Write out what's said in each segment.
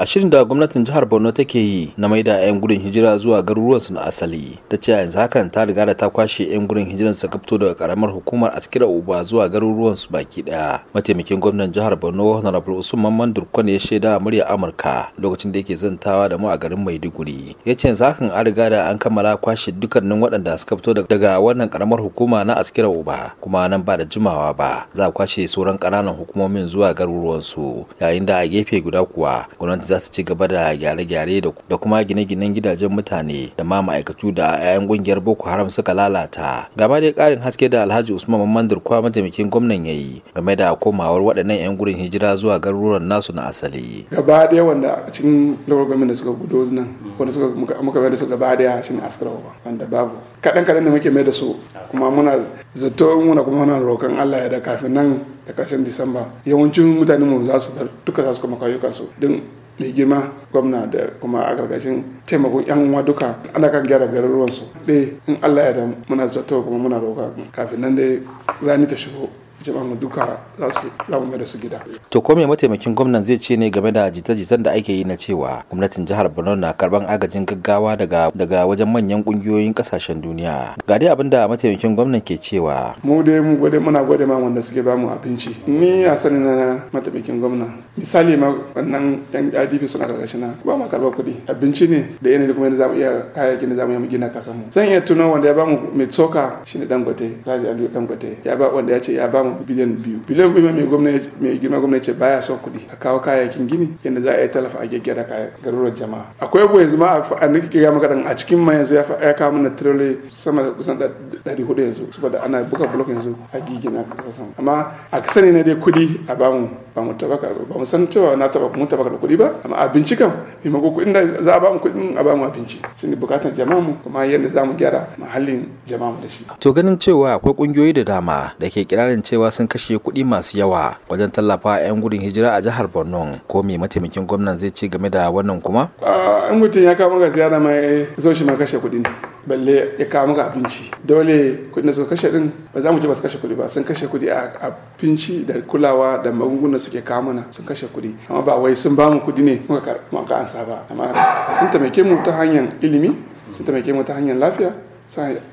a shirin da gwamnatin jihar borno take yi na maida 'yan gudun hijira zuwa garuruwansu na asali ta ce yanzu hakan ta riga da ta kwashe 'yan gudun hijiran su kafto daga karamar hukumar askira uba zuwa garuruwansu baki daya mataimakin gwamnan jihar borno honorable usman mamman durkwan ya shaida murya amurka lokacin da yake zantawa da mu a garin maiduguri ya ce yanzu hakan an riga da an kammala kwashe dukkanin waɗanda suka fito daga wannan karamar hukuma na askira uba kuma nan ba da jimawa ba za a kwashe sauran ƙananan hukumomin zuwa garuruwansu yayin da a gefe guda kuwa gwamnatin za su ci gaba da gyare-gyare da kuma gine-ginen gidajen mutane da ma ma'aikatu da 'ya'yan kungiyar boko haram suka lalata gaba dai karin haske da alhaji usman mamman durkwa mataimakin gwamnan ya yi game da komawar waɗannan 'yan gurin hijira zuwa garuruwan nasu na asali gaba ɗaya wanda a cikin lokacin da suka gudo nan wanda suka muka mai da su gaba ɗaya shi ne askarawa wanda babu kaɗan kaɗan da muke mai da su kuma muna zato muna kuma muna roƙon Allah ya da kafin nan da karshen Disamba yawancin mutanen mu za su duka za su kuma kayuka su din mai girma gwamna da kuma a gargashin taimakon yan uwa duka ana kan gyara garuruwan su dai in Allah ya da muna zato kuma muna roka. kafin nan dai rani ta shigo jama'a duka za su lamu da su gida. To ko mataimakin gwamnan zai ce ne game da jita-jitan da ake yi na cewa gwamnatin jihar Borno na karban agajin gaggawa daga daga wajen manyan kungiyoyin kasashen duniya. Ga dai abinda da mataimakin gwamnan ke cewa. Mu dai mu gode muna gode ma wanda suke bamu abinci. Ni a sani na mataimakin gwamna. Misali ma wannan yan IDP suna da na. ba ma karɓar kuɗi. Abinci ne da yanayi kuma yadda mu iya kayayyakin da mu iya gina kasa mu. Zan iya tuno wanda ya bamu mai tsoka shine Dangote, Raji Dangote. Ya ba wanda ya ce ya bamu samu biliyan biyu biliyan biyu mai gwamnati mai girma gwamnati baya son kuɗi a kawo kayayyakin gini yadda za a yi talafa a gyaggyara garuruwan jama'a akwai abu yanzu ma a nake kira maka a cikin ma yanzu ya kawo mana tirole sama da kusan ɗari hudu yanzu saboda ana buga blok yanzu a gigina sama amma a ne na dai kuɗi a bamu ba mu tabaka ba mu san cewa na taba mun tabaka da kuɗi ba amma abinci kam maimako kuɗin da za a bamu kuɗin a bamu abinci ne bukatar jama'a mu kuma yadda za mu gyara muhallin jama'a mu da shi to ganin cewa akwai ƙungiyoyi da dama da ke kirarin cewa cewa sun kashe kuɗi masu yawa wajen tallafa 'yan gudun hijira a jihar borno ko mai mataimakin gwamnan zai ce game da wannan kuma in mutum ya kama ga ziyara mai eh, zo shi ma kashe kuɗi balle ya kama ga abinci dole kuɗin da suka kashe din ba za mu ce ba su kashe kuɗi ba sun kashe kuɗi a abinci da kulawa da magunguna suke kama na sun kashe kuɗi amma ba wai sun ba mu kuɗi ne muka ansa ba amma sun taimake mu ta hanyar ilimi sun taimake mu ta hanyar lafiya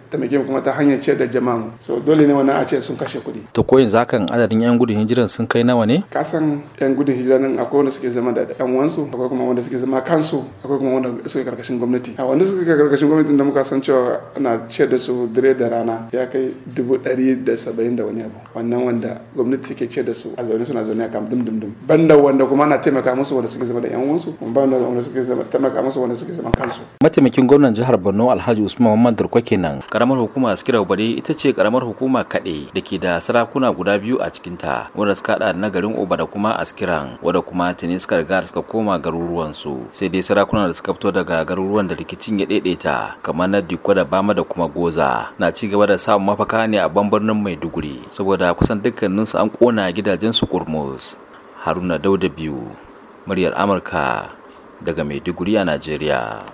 ta mai kuma ta hanyar ce da jama'a so dole ne wannan a ce sun kashe kuɗi to ko yanzu hakan adadin yan gudun hijiran sun kai nawa ne ka san yan gudun hijiran nan akwai wanda suke zama da yan wansu akwai kuma wanda suke zama kansu akwai kuma wanda suke karkashin gwamnati a wanda suke karkashin gwamnati da muka san cewa ana ce da su dare da rana ya kai dubu ɗari da saba'in da wani abu wannan wanda gwamnati take ce da su a zaune suna zaune a kan dum dum dum banda wanda kuma ana taimaka musu wanda suke zama da yan wansu banda wanda suke zama taimaka musu wanda suke zama kansu mataimakin gwamnan jihar Borno Alhaji Usman Mamman Durko kenan karamar hukuma sikirau obade ita ce karamar hukuma kaɗe da ke da sarakuna guda biyu a cikinta wanda suka haɗa na garin oba da kuma askiran wanda kuma tuni suka riga suka koma garuruwansu sai dai sarakuna da suka fito daga garuruwan da rikicin ya ɗaiɗaita kamar na diko da bama da kuma goza na ci gaba da samun mafaka ne a banbarnin maiduguri saboda kusan dukkaninsu an ƙona gidajensu kurmus haruna dauda biyu muryar amurka daga maiduguri a najeriya